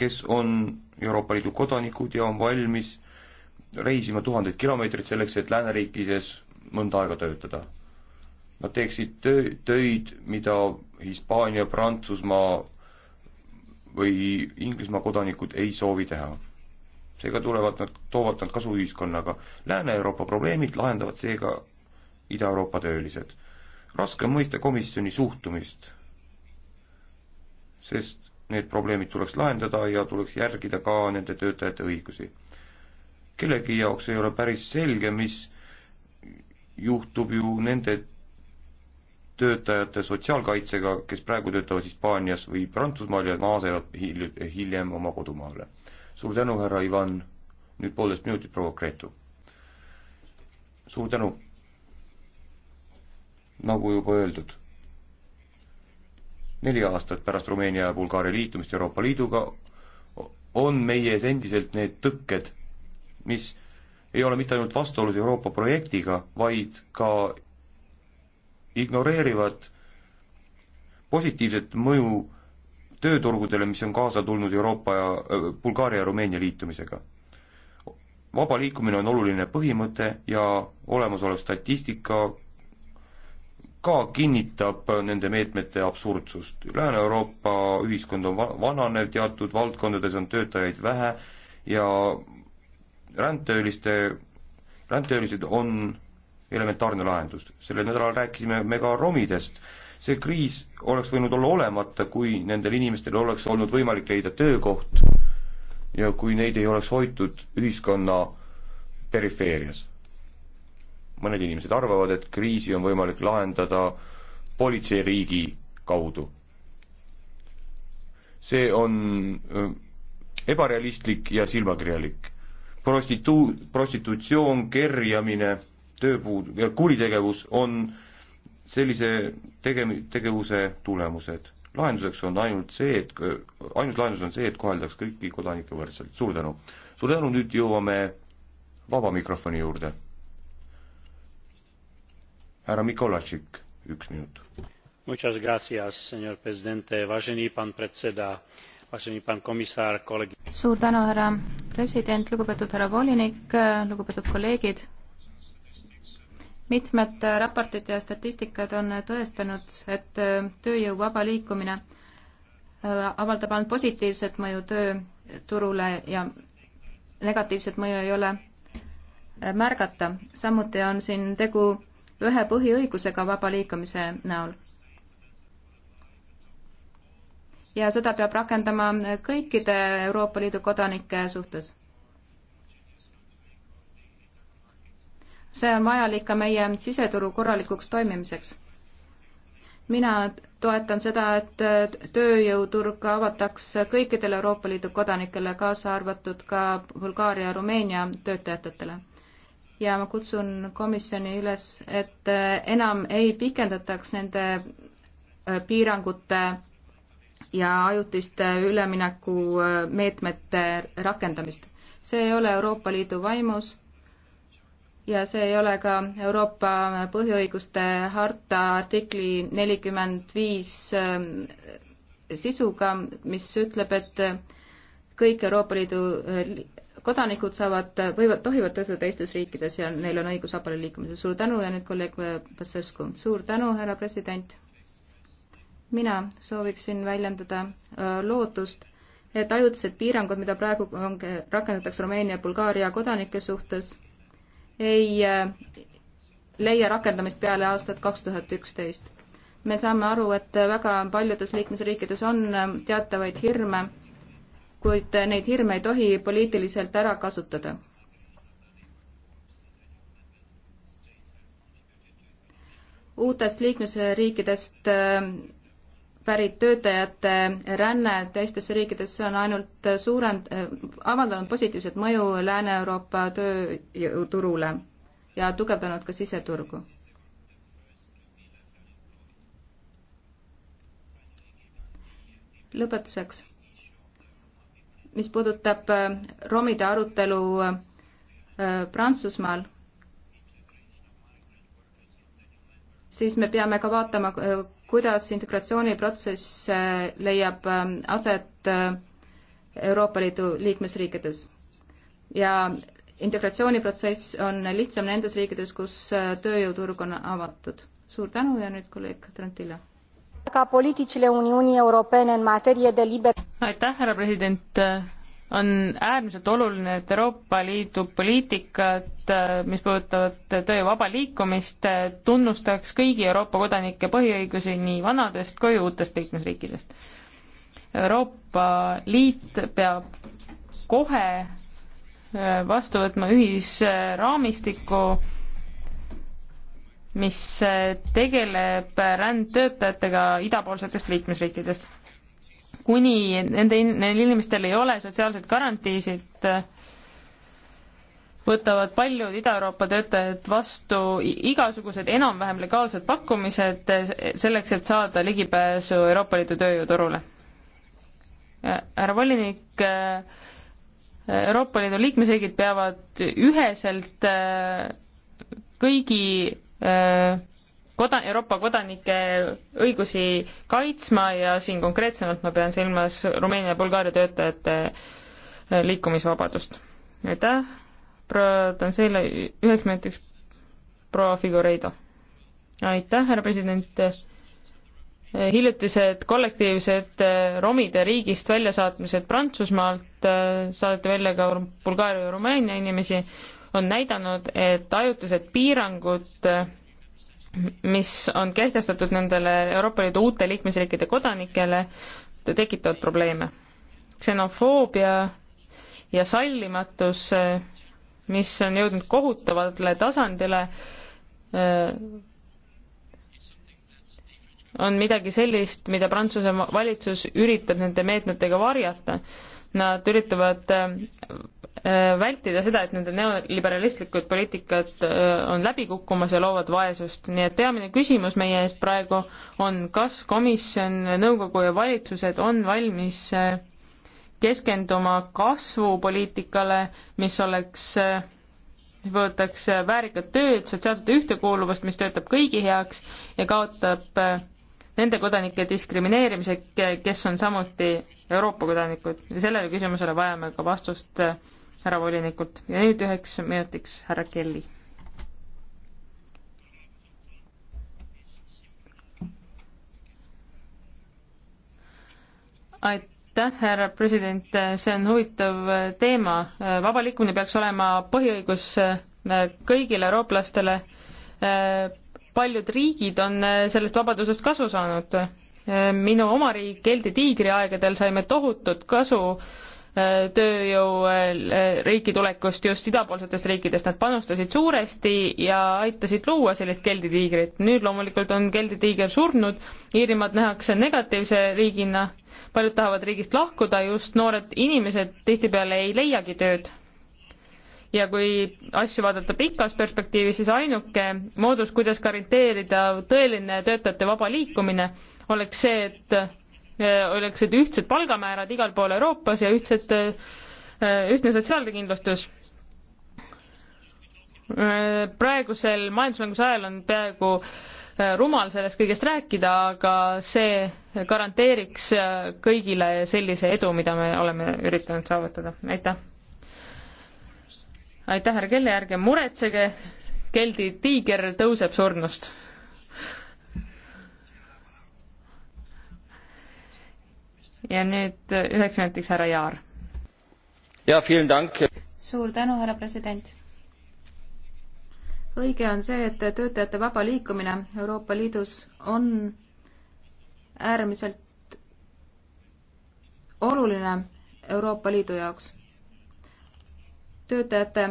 kes on Euroopa Liidu kodanikud ja on valmis reisima tuhandeid kilomeetreid selleks, et lääneriikides mõnda aega töötada Nad teeksid töö, töid, mida Hispaania, Prantsusmaa või Inglismaa kodanikud ei soovi teha. seega tulevad nad, toovad nad kasu ühiskonnaga. Lääne-Euroopa probleemid lahendavad seega Ida-Euroopa töölised. raske on mõista komisjoni suhtumist, sest need probleemid tuleks lahendada ja tuleks järgida ka nende töötajate õigusi. kellegi jaoks ei ole päris selge, mis juhtub ju nende töötajate sotsiaalkaitsega, kes praegu töötavad Hispaanias või Prantsusmaal ja naasevad hil-, hiljem oma kodumaale. suur tänu, härra Ivan, nüüd poolteist minutit, proua Gretu. suur tänu. nagu juba öeldud, neli aastat pärast Rumeenia ja Bulgaaria liitumist Euroopa Liiduga on meie ees endiselt need tõkked, mis ei ole mitte ainult vastuolus Euroopa projektiga, vaid ka ignoreerivad positiivset mõju tööturgudele, mis on kaasa tulnud Euroopa ja äh, Bulgaaria ja Rumeenia liitumisega. vaba liikumine on oluline põhimõte ja olemasolev statistika ka kinnitab nende meetmete absurdsust. Lääne-Euroopa ühiskond on va-, vananev, teatud valdkondades on töötajaid vähe ja rändtööliste, rändtöölised on elementaarne lahendus. sellel nädalal rääkisime me ka romidest. see kriis oleks võinud olla olemata, kui nendel inimestel oleks olnud võimalik leida töökoht ja kui neid ei oleks hoitud ühiskonna perifeerias. mõned inimesed arvavad, et kriisi on võimalik lahendada politseiriigi kaudu. see on ebarealistlik ja silmakirjalik. prostitu-, prostitutsioon, kerjamine tööpuud-, kuritegevus on sellise tege-, tegevuse tulemused. lahenduseks on ainult see, et, ainus lahendus on see, et koheldaks kõiki kodanikke võrdselt. suur tänu! suur tänu, nüüd jõuame vaba mikrofoni juurde. härra Mikolašik, üks minut. Muchas gracias, senor presidente, važeni pan predseda, važeni pan komisar, kolleeg-. suur tänu, härra president, lugupeetud härra volinik, lugupeetud kolleegid mitmed raportid ja statistikad on tõestanud, et tööjõu vaba liikumine äh, avaldab ainult positiivset mõju tööturule ja negatiivset mõju ei ole äh, märgata. samuti on siin tegu ühe põhiõigusega vaba liikumise näol. ja seda peab rakendama kõikide Euroopa Liidu kodanike suhtes see on vajalik ka meie siseturu korralikuks toimimiseks. mina toetan seda, et tööjõuturg avataks kõikidele Euroopa Liidu kodanikele, kaasa arvatud ka Bulgaaria ja Rumeenia töötajatele. ja ma kutsun komisjoni üles, et enam ei pikendataks nende äh, piirangute ja ajutiste üleminekumeetmete äh, rakendamist. see ei ole Euroopa Liidu vaimus ja see ei ole ka Euroopa põhiõiguste harta artikli nelikümmend viis ähm, sisuga, mis ütleb, et kõik Euroopa Liidu äh, kodanikud saavad, võivad, tohivad töötada teistes riikides ja neil on õigus vabale liikumisele. suur tänu ja nüüd kolleeg Pasescu. suur tänu, härra president. mina sooviksin väljendada äh, lootust, et ajutised piirangud, mida praegu on, äh, rakendatakse Rumeenia ja Bulgaaria kodanike suhtes, ei äh, leia rakendamist peale aastat kaks tuhat üksteist. me saame aru, et väga paljudes liikmesriikides on äh, teatavaid hirme, kuid neid hirme ei tohi poliitiliselt ära kasutada. uutest liikmesriikidest äh, pärit töötajate ränne teistesse riikidesse on ainult suurend-, avaldanud positiivset mõju Lääne-Euroopa tööjõuturule ja tugevdanud ka siseturgu. lõpetuseks, mis puudutab äh, romide arutelu äh, Prantsusmaal, siis me peame ka vaatama, äh, kuidas integratsiooniprotsess äh, leiab ähm, aset äh, Euroopa Liidu liikmesriikides. ja integratsiooniprotsess on lihtsam nendes riikides, kus äh, tööjõuturg on avatud. suur tänu ja nüüd kolleeg Trantilla. aitäh, härra president on äärmiselt oluline, et Euroopa Liidu poliitikat, äh, mis puudutavad töö vaba liikumist, äh, tunnustaks kõigi Euroopa kodanike põhiõigusi nii vanadest kui uutest liikmesriikidest. Euroopa Liit peab kohe äh, vastu võtma ühisraamistiku, mis tegeleb rändtöötajatega idapoolsetest liikmesriikidest kuni nende in-, neil inimestel ei ole sotsiaalseid garantiisid, võtavad paljud Ida-Euroopa töötajad vastu igasugused enam-vähem legaalsed pakkumised eh, selleks, et saada ligipääsu Euroopa Liidu tööjõuturule. härra volinik, eh, Euroopa Liidu liikmesriigid peavad üheselt eh, kõigi koda-, Euroopa kodanike õigusi kaitsma ja siin konkreetsemalt ma pean silmas Rumeenia ja Bulgaaria töötajate äh, liikumisvabadust. aitäh, proua Tansele, üheks minutiks proua Figureido. aitäh, härra president äh, hiljutised kollektiivsed äh, romide riigist väljasaatmised Prantsusmaalt, saadeti välja ka Bulgaaria ja Rumeenia inimesi, on näidanud, et ajutised piirangud mis on kehtestatud nendele Euroopa Liidu uute liikmesriikide kodanikele, tekitavad probleeme. ksenofoobia ja sallimatus, mis on jõudnud kohutavale tasandile, on midagi sellist, mida Prantsuse valitsus üritab nende meetmetega varjata nad üritavad äh, vältida seda, et nende neoliberalistlikud poliitikad äh, on läbi kukkumas ja loovad vaesust. nii et peamine küsimus meie eest praegu on, kas komisjon, nõukogu ja valitsused on valmis äh, keskenduma kasvupoliitikale, mis oleks, võtaks väärikat tööd, sotsiaalset ühtekuuluvust, mis töötab kõigi heaks ja kaotab nende kodanike diskrimineerimise, kes on samuti Euroopa kodanikud ja sellele küsimusele vajame ka vastust äh, härra volinikult ja nüüd üheks minutiks härra Kelly. aitäh, härra president, see on huvitav äh, teema. Äh, vaba liikumine peaks olema põhiõigus kõigile eurooplastele. paljud riigid on sellest vabadusest kasu saanud minu oma riik, Geldi tiigri aegadel saime tohutut kasu äh, tööjõu äh, riiki tulekust just idapoolsetest riikidest, nad panustasid suuresti ja aitasid luua sellist Geldi tiigrit. nüüd loomulikult on Geldi tiiger surnud, Iirimaad nähakse negatiivse riigina, paljud tahavad riigist lahkuda, just noored inimesed tihtipeale ei leiagi tööd ja kui asju vaadata pikas perspektiivis, siis ainuke moodus, kuidas garanteerida tõeline töötajate vaba liikumine, oleks see, et äh, oleksid ühtsed palgamäärad igal pool Euroopas ja ühtsed, äh, ühtne sotsiaalkindlustus. Äh, praegusel majanduslanguse ajal on peaaegu rumal sellest kõigest rääkida, aga see garanteeriks kõigile sellise edu, mida me oleme üritanud saavutada. aitäh! aitäh, härra Kelly, ärge muretsege, Geldi tiiger tõuseb surnust ja nüüd äh, üheks minutiks härra Jaar. jaa, vielen dank! suur tänu, härra president! õige on see, et töötajate vaba liikumine Euroopa Liidus on äärmiselt oluline Euroopa Liidu jaoks. töötajate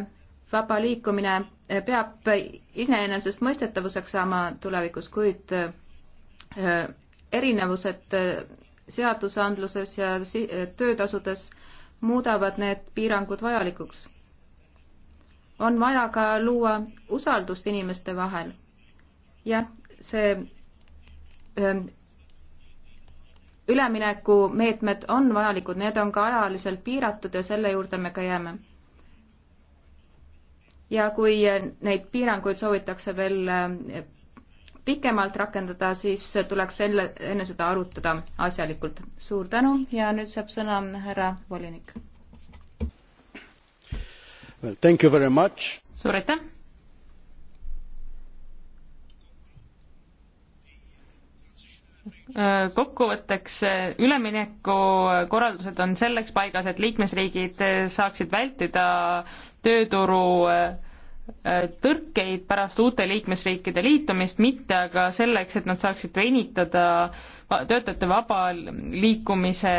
vaba liikumine peab iseenesestmõistetavuseks saama tulevikus, kuid äh, erinevused äh, seadusandluses ja töötasudes muudavad need piirangud vajalikuks. on vaja ka luua usaldust inimeste vahel. jah, see ähm, üleminekumeetmed on vajalikud, need on ka ajaliselt piiratud ja selle juurde me ka jääme. ja kui neid piiranguid soovitakse veel ähm, pikemalt rakendada, siis tuleks selle, enne seda arutada asjalikult. suur tänu ja nüüd saab sõna härra volinik. Well, thank you very much. suur aitäh. kokkuvõtteks, üleminekukorraldused on selleks paigas, et liikmesriigid saaksid vältida tööturu Äh, tõrkeid pärast uute liikmesriikide liitumist, mitte aga selleks, et nad saaksid venitada töötajate vaba liikumise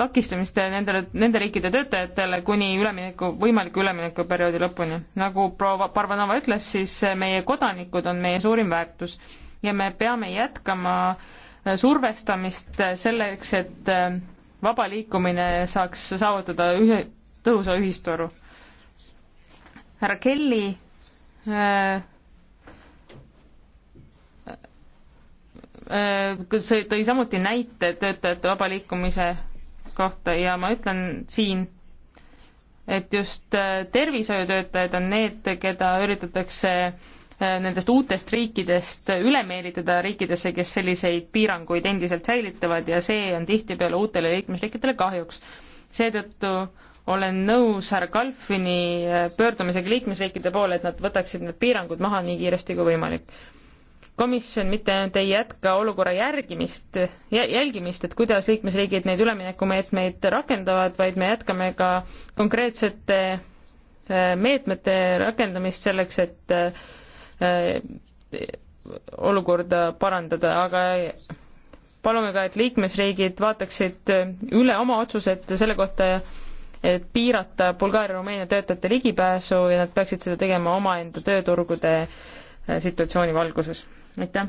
takistamist nendele, nende riikide töötajatele kuni ülemineku, võimaliku üleminekuperioodi lõpuni. nagu proua Parvanova ütles, siis meie kodanikud on meie suurim väärtus ja me peame jätkama äh, survestamist äh, selleks, et vaba liikumine saaks saavutada ühe, tõhusa ühisturu härra Kelly äh, äh, see tõi samuti näite töötajate vaba liikumise kohta ja ma ütlen siin, et just äh, tervishoiutöötajad on need, keda üritatakse äh, nendest uutest riikidest üle meelitada riikidesse, kes selliseid piiranguid endiselt säilitavad ja see on tihtipeale uutele liikmesriikidele kahjuks. seetõttu olen nõus härra Kalfini eh, pöördumisega liikmesriikide poole, et nad võtaksid need piirangud maha nii kiiresti kui võimalik. komisjon mitte ainult ei jätka olukorra järgimist, jälgimist, et kuidas liikmesriigid neid üleminekumeetmeid rakendavad, vaid me jätkame ka konkreetsete eh, meetmete rakendamist selleks, et eh, olukorda parandada, aga palume ka, et liikmesriigid vaataksid üle oma otsused selle kohta, piirata Bulgaaria-Rumeenia töötajate ligipääsu ja nad peaksid seda tegema omaenda tööturgude äh, situatsiooni valguses. aitäh!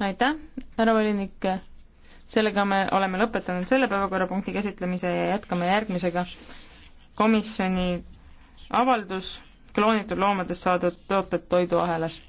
aitäh, härra volinik! sellega me oleme lõpetanud selle päevakorrapunkti käsitlemise ja jätkame järgmisega. komisjoni avaldus kloonitud loomadest saadud tooted toiduahelas